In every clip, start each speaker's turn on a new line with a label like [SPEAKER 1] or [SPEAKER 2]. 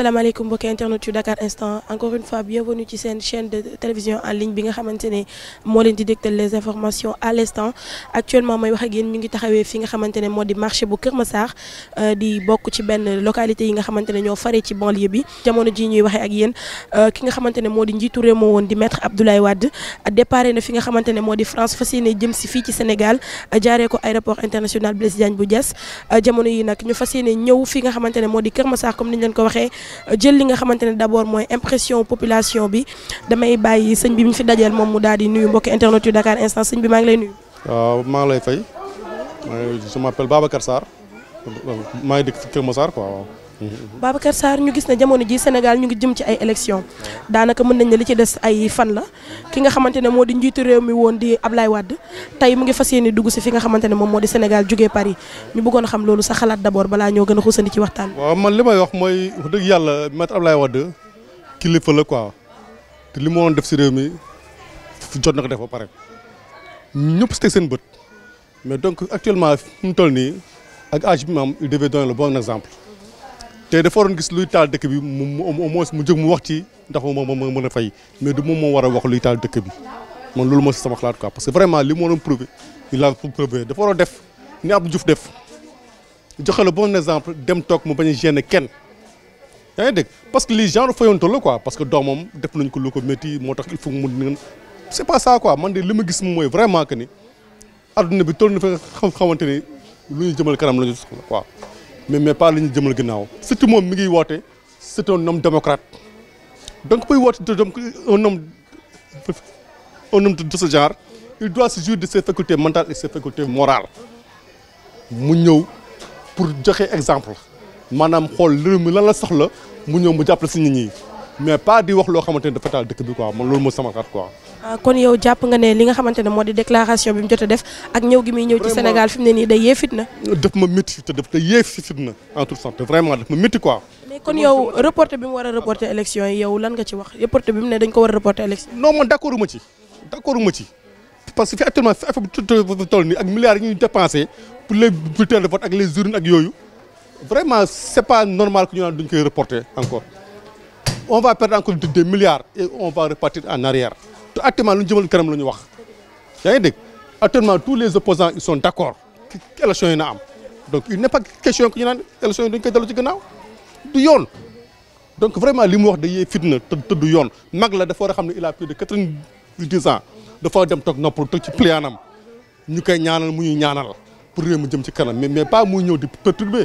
[SPEAKER 1] asalaamaaleykum mbokki internet yu Dakar Instant encore une fois bienvenue ci seen chaîne de télévision en ligne bi nga xamante moi moo leen di les informations à l'instant actuellement may wax ak yéen ñu ngi taxawee fi nga moi ne moo beaucoup marché bu Kër euh, di bokk ci benn localité yi nga xamante ne faire faree ci banlieue bi jamono ji ñuy waxee ak yéen euh, ki nga xamante ne moo di njiitu di maître Abdoulaye Wade déparé na fi nga xamante ne moo France Facile yéene jëm si fii ci Sénégal jaaree ko aéroport international Blaise Diagne bu Diass euh, jamono yi nag ñu fas yéene ñëw fi nga xamante ne moo comme ko jël li nga xamante d'abord moy impression population bi damay bayyi seigne bi mu fi dajel mom mu daal nuyu mbok internet yu Dakar instant seigne bi maa ngi lay nuyu.
[SPEAKER 2] waaw maa lay fay je m'appelle Babacar sar maa dik dëkk fi Kër Massar quoi
[SPEAKER 1] Babacar Sarr ñu gis ne jamono ji Sénégal ñu ngi jëm ci ay élection daanaka mën nañ ne li ci des ay fan la ki nga xamante ne moo di njiitu réew mi woon di Ablaye wadd tey mu ngi fas yéene dugg si fi nga xamante ne moom moo di Sénégal jóge Paris ñu bëggoon xam loolu sa xalaat d'abord balaa ñoo gën a xuusandi ci waxtaan
[SPEAKER 2] waaw man li may wax mooy wax dëgg yàlla maître Ablaye Wade kilifa la quoi te li mu waroon def si réew mi jot na ko def ba pare ñëpp si bët mais donc actuellement mu toll nii ak âge bi maam il devait exemple te dafa waroon gis luy taal dëkk bi mu au moins mu jóg mu wax ci ndax moom moo mën a fay mais du moom moo war a wax luy taal dëkk bi man loolu moo si sama xalaat quoi parce que vraiment li mu waroon prouvé il a prouvé dafa waroon def ni Abdou Diouf def joxe le bon exemple dem toog mu bañ a kenn. yaa ngi parce que lii genre fayonto la quoi parce que doomam def nañ ko lu ko métti moo tax il faut mu mun c'est pas ça quoi man de li ma gis moom mooy vraiment que ni adduna bi toll na fa xamante ni lu ñu jëmal kanam la ñu soxla quoi. mais mais pas ne pas jëmal ginnaaw surtout moom mi c'est un homme démocrate donc y woote un homme un homme de ce genre il doit se jouer de ses facultés mentales et ses facultés morales mu donner pour exemple maanaam Paul, réew mi lan la soxla mu ñëw mu mais pas di wax loo xamante fatal dafa bi quoi mon loolu moo sama quoi.
[SPEAKER 1] Ah, kon yow japp nga ne li nga xamantene modi déclaration bi mu jot def ak ñew gi mi ñew ci Sénégal fi ni ne nii day yee fitna.
[SPEAKER 2] daf ma métti te daf day yee fitna en tout sens vraiment daf ma métti quoi.
[SPEAKER 1] mais kon yow reporter bi mu war a élection yow lan nga ci wax reporter bi mu ne
[SPEAKER 2] dañ ko wara reporter élection. non man d' ma ci d' ma ci parce que fi actuellement fi affaire bi toll nii ak milliards yi ñuy dépensé pour les bulletins de vote ak les urnes ak yoyu vraiment c'est pas normal que ñu naan duñ koy reporter encore on va perdre encore 2 milliards et on va repartir en arrière actuellement lu ñu jëmal actuellement tous les opposants ils sont d'accord Quelle élection donc il n'est pas question que ñu naan élection yi dañu de ci gannaaw donc vraiment l'humour de de ans. il a plus de 90 ans dem toog ci plianam ñu koy ñaanal mu ñaanal pour réew ci mais pas muy ñëw perturber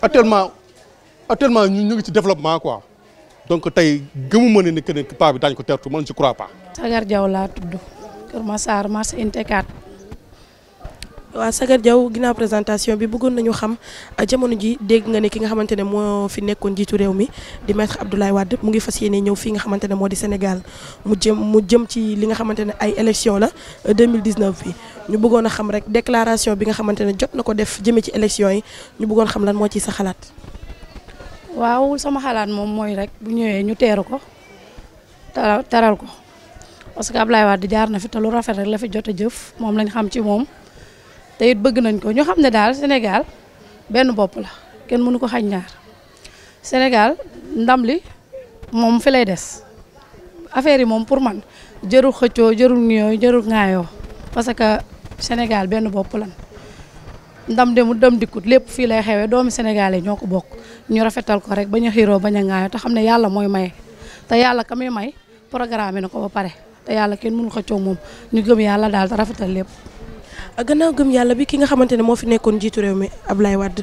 [SPEAKER 2] actuellement actuellement ñun ñu ngi ci développement quoi donc tey gëmuma ma ni que ne paa bi daañu ko tertu man ci crois pas.
[SPEAKER 3] Sagar Diaw laa tudd Kër Massar marché Unité 4.
[SPEAKER 1] waaw Sagar Diaw ginnaaw présentation bi bëggoon nañu xam euh, jamono ji dégg nga ne ki nga xamante ne moo fi nekkoon jiitu réew mi di maître Abdoulaye Wade mu ngi fas yéene ñëw fi nga xamante ne moo di Sénégal mu jëm mu jëm ci li nga xamante ne ay élection la 2019 euh, bi. ñu bëggoon a xam rek déclaration bi nga xamante ne jot na ko def jëme ci élection ñu bëggoon xam lan moo ci sa xalaat.
[SPEAKER 3] sama xalaat moom mooy rek bu ñëwee ñu teeru ko taral ko parce que Ablaye Wade jaar na fi te lu rafet jot a jëf moom lañ xam ci moom te it bëgg nañ ko ñu xam ne daal Sénégal benn bopp la kenn mënu ko xañ ñaar Sénégal ndam li moom fi lay des affaire yi moom pour man jërul xëccoo jërul ñuyoo jërul ŋaayoo parce que Sénégal benn bopp lan ndam demul dem dikkut lépp fii lay xewee doomu Sénégal yi ñoo ko bokk ñu rafetal ko rek bañ a xiiroo bañ a ŋaayoo te xam ne yàlla mooy maye te yàlla ka muy may programme na ko ba pare te yàlla kenn mënu ko coow moom ñu gëm yàlla daal te rafetal lépp.
[SPEAKER 1] gannaaw gëm yàlla bi ki nga xamante ne moo fi nekkoon jiitu réew mi Ablaye Wade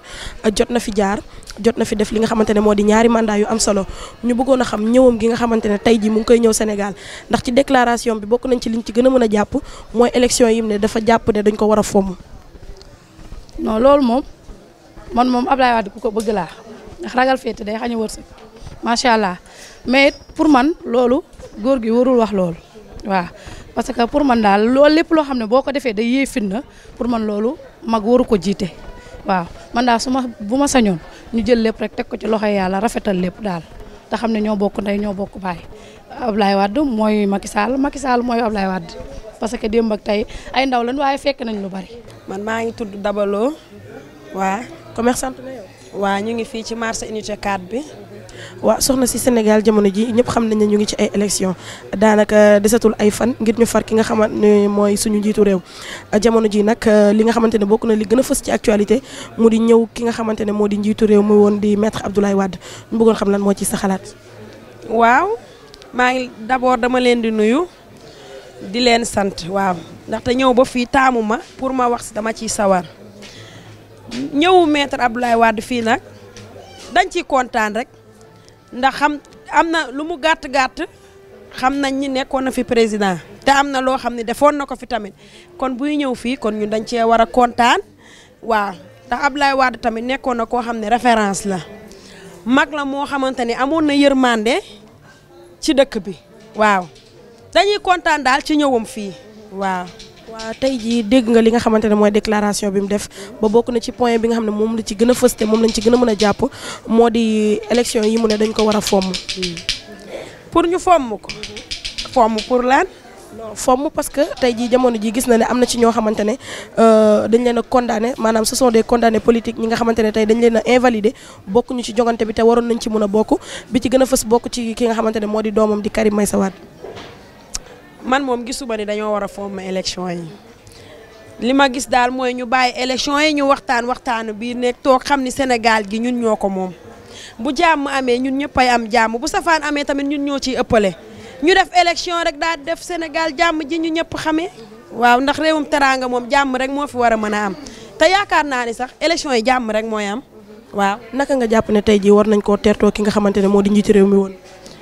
[SPEAKER 1] jot na fi jaar jot na fi def li nga xamante ne moo di ñaari mandat yu am solo ñu bëggoon a xam ñëwam gi nga xamante ne tey ji mu ngi koy ñëw Sénégal ndax ci déclaration bi bokk nañ ci li liñ ci gën a mën a jàpp mooy élection yim ne dafa jàpp ne dañ ko war a fomm loolu moom man moom Ablaye wadd ku ko bëgg laa ndax ragal féete day xañ a
[SPEAKER 3] macha allah mais pour man loolu góor gi warul wax loolu parce que pour man daal loolu lépp loo xam ne boo ko defee day yee na pour man loolu mag waru ko jiite waaw man daal su ma bu ma sañoon ñu jël lépp rek teg ko ci loxo yàlla rafetal lépp daal te xam ne ñoo bokk ndey ñoo bokk baay Ablaye Wade mooy Macky Sall Macky Sall mooy Ablaye Wade parce que démb ak tey ay ndaw waaye fekk nañ lu bari.
[SPEAKER 1] man maa ngi tudd Dabaloo waa commerçante la yow. ñu ngi fii ci marché unité 4 bi. waa soxna si Sénégal jamono ji ñëpp xam nañ ñu ngi ci ay élection daanaka desatul ay fan ngir ñu far ki nga xamante ne mooy suñu njiitu réew jamono ji nag euh, li nga xamante ne bokk na li gën a fës ci actualité mu di ñëw ki nga xamante ne moo di njiitu réew mu woon di maître Abdoulaye Wade ñu xam lan moo ci sa waaw maa ngi d'abord dama leen di nuyu di leen sant waaw ndaxte ñëw ba fii taamu ma pour ma wax dama ciy sawar ñëw maître Abdoulaye Wade fii nag dañ ciy kontaan rek ndax xam am na lu mu gàtt gàtt xam nañ ñi nekkoon na fi président te am na loo xam ne defoon na ko fi tamit kon buy ñëw fii kon ñu dañ cee war a kontaan waaw ndax Abdoulaye Wade tamit nekkoon na koo xam ne référence la mag la moo xamante ne amoon na yërmande ci dëkk bi waaw dañuy kontaan daal ci ñëwam fii waaw. waaw tey jii dégg nga li nga xamante ne mooy déclaration bi mu def ba bokk na ci point bi nga xam ne moom la ci gën a fëste moom lañ ci a mën moo di yi mu ne dañ ko war a fomm. pour ñu fomm ko. fomm pour lan. non fomm parce que tey ji jamono ji gis na ne am na ci ñoo xamante ne euh, dañ leen a condamné maanaam ce sont des condamnés ñi nga xamante ne tey dañ leen a invalidé bokk ñu ci jongante bi te waroon nañ ci mën a bokk bi ci gën a fës bokk ci ki nga xamante ne moo di doomam di Karim may Wade man moom gisuma ni dañoo war a fomm élection yi li ma gis daal mooy ñu bàyyi élection yi ñu waxtaan waxtaanu biir nekk toog xam ni Sénégal gi ñun ñoo ko moom bu jàmm amee ñun ñëpp ay am jàmm bu safaan amee tamit ñun ñoo ciy ëppale ñu def élection rek daal def Sénégal jàmm ji ñu ñëpp xamee waaw ndax réewum teraanga moom jàmm rek moo fi wara mën a am te yaakaar naa ni sax élection yi jàmm rek mooy am waaw. naka nga jàpp ne tey ji war nañ koo teertoo ki nga xamante ne moo di njiitu réew mi woon.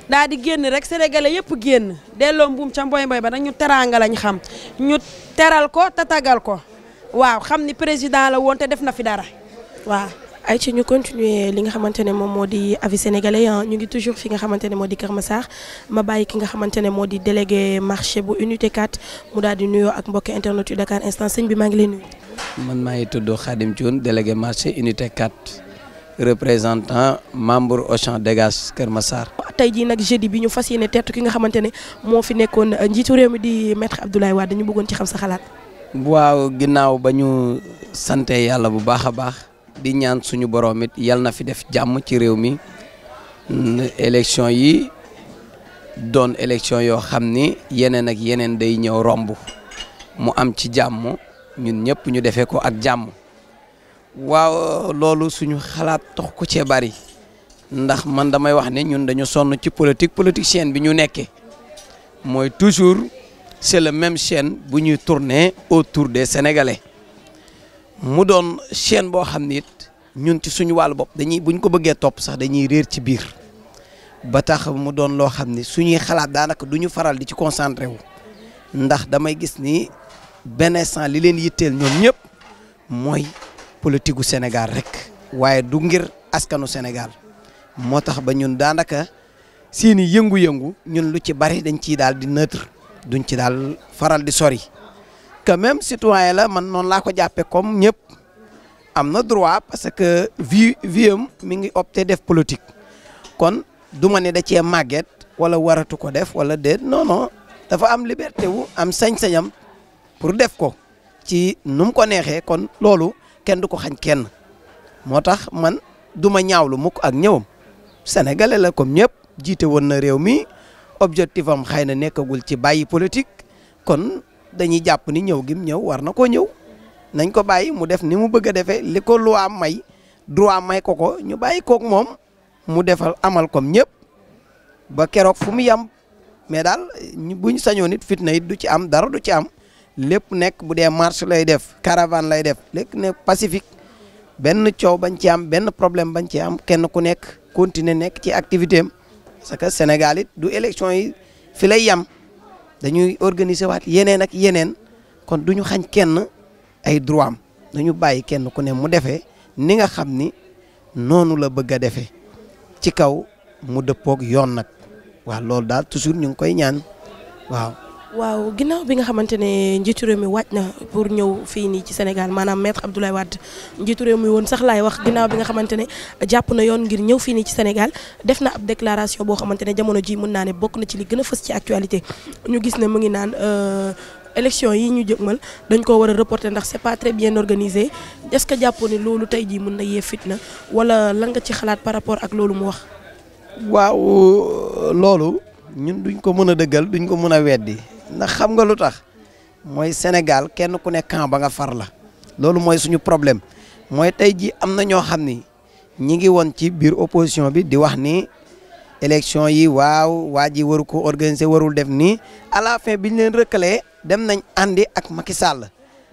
[SPEAKER 1] daa di génn rek sénégalais yëpp génn delloo mbuum ca mboy mboy ba nag ñu teraanga lañ xam ñu teral ko tagal ko waaw xam ni président la woon te def na fi dara waaw. ay ci ñu continuer li nga xamante ne moom moo di avis sénégalais ñu ngi toujours fi nga xamante ne moo di Kër Massar ma bàyyi ki nga xamante ne moo di délégué marché bu unité 4 mu daal di nuyoo ak mbokki internet yu Dakar instant sëñ bi maa ngi lay nuyu.
[SPEAKER 4] man maa ngi tudd Khadim Thioune délégué marché unité 4. représentant membre champ Degas gaz kermassar
[SPEAKER 1] tay ji nak jeudi bi ñu fassiyene yéene ki nga xamantene mo fi nekkon euh, njitu réew mi di maître Abdoulaye Wade ñu bëggon ci xam sa xalaat.
[SPEAKER 4] waaw ginnaaw bañu santé yalla bu bahabah, baax di ñaan suñu borom it na fi def jamm ci réew mi élection yi don élection yo xamni yenen ak yenen day ñew rombu mu am ci jamm ñun ñepp ñu défé ko ak jamm waaw loolu suñu xalaat tax ko cee bari ndax man damay wax ne ñun dañu sonn ci politique politicienne bi ñu nekkee mooy toujours c'est le même chaîne bu ñuy tourner autour des sénégalais mu doon chaîne boo xam ne it ñun ci suñu wàllu bopp dañuy buñ ko bëggee topp sax dañuy réer ci biir ba tax mu doon loo xam ne xalaat daanaka du faral di ci concentré wu ndax damay gis ni benn instant li leen politique gu Sénégal rek waaye du ngir askanu Sénégal moo tax ba ñun daanaka seeni yëngu-yëngu ñun lu ci bari dañ ciy daal di neutre duñ ci daal faral di sori quand même citoyen la man noonu laa ko jàppee comme ñëpp am na droit parce que vie vie am mi ngi opté def politique kon du ma ne da cee màgget wala waratu ko def wala déet non dafa am liberté wu am sañ-sañam pour def ko ci nu ko neexee kon loolu. kenn du ko xañ kenn moo tax man du ma ñaawlu mukk ak ñëwam sénégalais la comme ñëpp jiite woon na réew mi objectif am xëy na nekkagul ci bàyyi politique kon dañuy jàpp ni ñëw gim ñëw war na koo ñëw nañ ko bàyyi mu def ni mu bëgg a defee li ko am may du am may ko ko ñu bàyyi kook moom mu defal amal comme ñëpp ba keroog fu mu yem mais daal bu ñu sañoon fitna it du ci am dara du ci am. lépp nekk bu dee marche lay def caravane lay def lépp nekk pacifique benn coow bañ ci am benn problème bañ ci am kenn ku nekk continuer nekk ci activité am parce sénégalit du élection yi fi lay yam dañuy organiser waat yeneen ak yeneen kon du ñu xañ kenn ay droit am dañu bàyyi kenn ku ne mu defee ni nga xam ni noonu la bëgg a defee ci kaw mu dëppoog yoon nag waaw loolu daal toujours ñu ngi koy ñaan waaw.
[SPEAKER 1] waaw ginnaaw bi nga xamante ne njiitu réew mi waaj na pour ñëw fii nii ci Sénégal maanaam maître Abdoulaye waat njiitu réew mi woon sax laay wax ginnaaw bi nga xamante ne jàpp na yoon ngir ñëw fii nii ci Sénégal def na ab déclaration boo xamante ne jamono ji mën naa ne bokk na ci li gën a fës ci actualité ñu gis ne mu ngi naan euh, élection yi ñu jëgmal dañ ko war a reporter ndax c'est pas très bien organisé est-ce que jàppoo ne loolu tey jii mën na yee fitna wala lan ci xalaat par rapport ak loolu wax.
[SPEAKER 4] waaw euh, loolu ñun duñ ko mën a dëggal duñ ko mën a weddi. ndax xam nga lu tax mooy Sénégal kenn ku ne camp ba nga far la loolu mooy suñu problème mooy tey ji am na ñoo xam ni ñi ngi woon ci biir opposition bi di wax ni élection yi waaw waa ji waru ko organiser warul def nii alafin bi ñu leen rëkkalee dem nañ àndi ak Macky Sall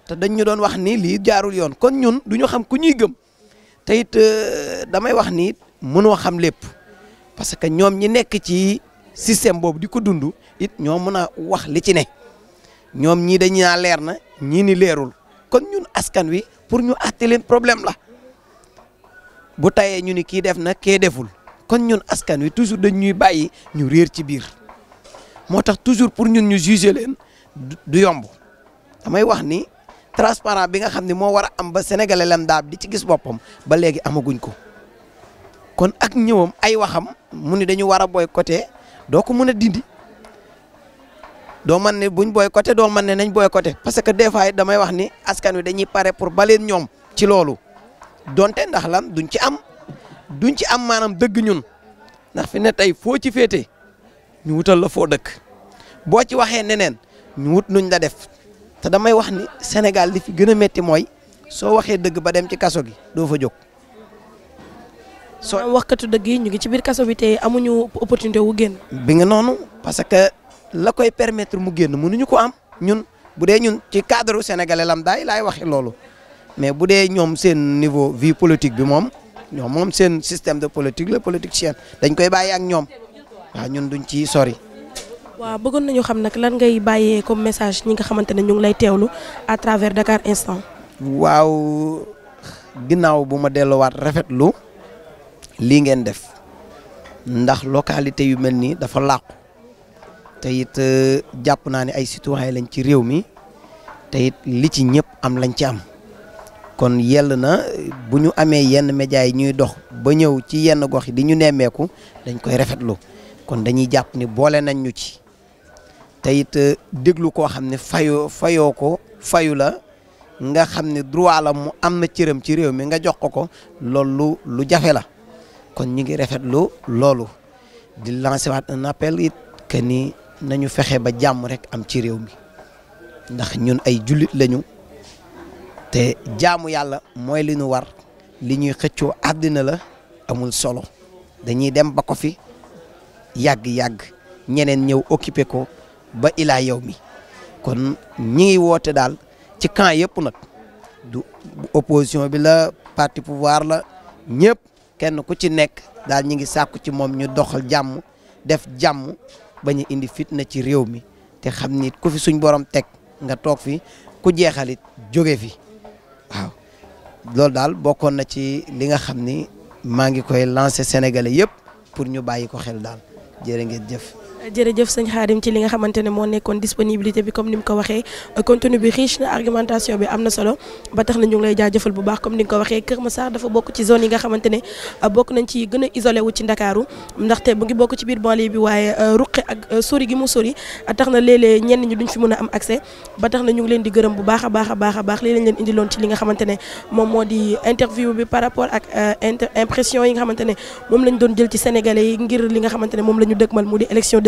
[SPEAKER 4] te dañ ñu doon wax ni li jaarul yoon kon ñun du ñu xam ku ñuy gëm te it euh, damay wax ni mënoo xam lépp parce que ñoom ñi nekk ci système boobu di ko dundu it ñoo mën a wax li ci ne ñoom ñii dañu naa leer na ñii ni leerul kon ñun askan wi pour ñu àtte leen problème la bu tayee ñu ni kii def na kee deful kon ñun askan wi toujours dañ ñuy bàyyi ñu réer ci biir moo tax toujours pour ñun ñu juger leen du yomb damay wax ni transparent bi nga xam ne moo war a am ba sénégalais lam daab di ci gis boppam ba léegi amaguñ ko kon ak ñëwam ay waxam mu dañu war a boycotté doo ko mën a dindi doo man ne buñ boycotté doo man ne nañ boycotté parce que des fois damay wax ni askan wi dañuy pare pour baleen ñoom ci loolu donte ndax lan duñ ci am duñ ci am maanaam dëgg ñun ndax fi ne tey foo ci féete ñu wutal la foo dëkk boo ci waxee neneen ñu wut nuñ la def te damay wax ni Sénégal li fi gën a métti mooy soo waxee dëgg ba dem ci kaso gi doo fa jóg. soo waxkatu dëgg yi ñu ngi ci biir kaso bi amuñu opportunité wu génn. bi nga noonu parce que la koy permettre mu génn mënuñu ko am ñun bu dee ñun ci cadre sénégalais lam daay laay waxee loolu mais bu dee ñoom seen niveau vie politique bi moom ñoom moom seen système de politique la politicienne dañ koy bàyyi ak ñoom waaw ñun duñ ci sori.
[SPEAKER 1] waa bëggoon nañu xam nag lan ngay bàyyee comme message ñi nga xamante ne ñu ngi lay teewlu à travers Dakar Instant.
[SPEAKER 4] waaw ginnaaw bu ma delluwaat rafetlu. lii ngeen def ndax localité yu mel nii dafa làqu te it euh, jàpp naa ne ay citoyen lañ ci réew mi te it li ci ñëpp am lañ ci am kon yell na bu ñu amee yenn médias yi ñuy dox ba ñëw ci yenn gox yi di ñu nemmeeku dañ koy rafetlu kon dañuy jàpp ni boole nañ ñu ci te it euh, déglu koo xam ne fayu fayoo ko fayu la nga xam ne droit la mu am na cëram ci réew mi nga jox ko ko loolu lu jafe la kon ñu ngi rafetlu loolu di lancer waat un appel it que ni nañu fexe ba jàmm rek am ci réew mi ndax ñun ay jullit lañu te jaamu yàlla mooy li ñu war li ñuy xëccoo àddina la amul solo dañuy dem ba ko fi yàgg-yàgg ñeneen ñëw occuper ko ba ilaa yow mi kon ñi ngi woote daal ci camp yëpp nag du opposition bi la parti pouvoir la ñëpp. kenn ku ci nekk daal ñi ngi sàkku ci moom ñu doxal jàmm def jàmm ba ñu indi fitna ci réew mi te xam ni ku fi suñ borom teg nga toog fi ku jeexalit jóge fi waaw loolu daal bokkoon na ci li nga xam ni maa ngi koy lancé sénégalais yëpp pour ñu bàyyi ko xel daal jërë ngeen
[SPEAKER 1] jërëjëf sëñ Xaadim ci li nga xamante bi comme ni mu ko waxee contenu bu baax comme ni nga ci euh, a isolé wu li nga xamante moom moo di interview bi par rapport ak euh, impression yi nga xamante moom lañ doon jël ci sénégalais yi ngir li nga xamante moom la ñu dëgmal mu di élection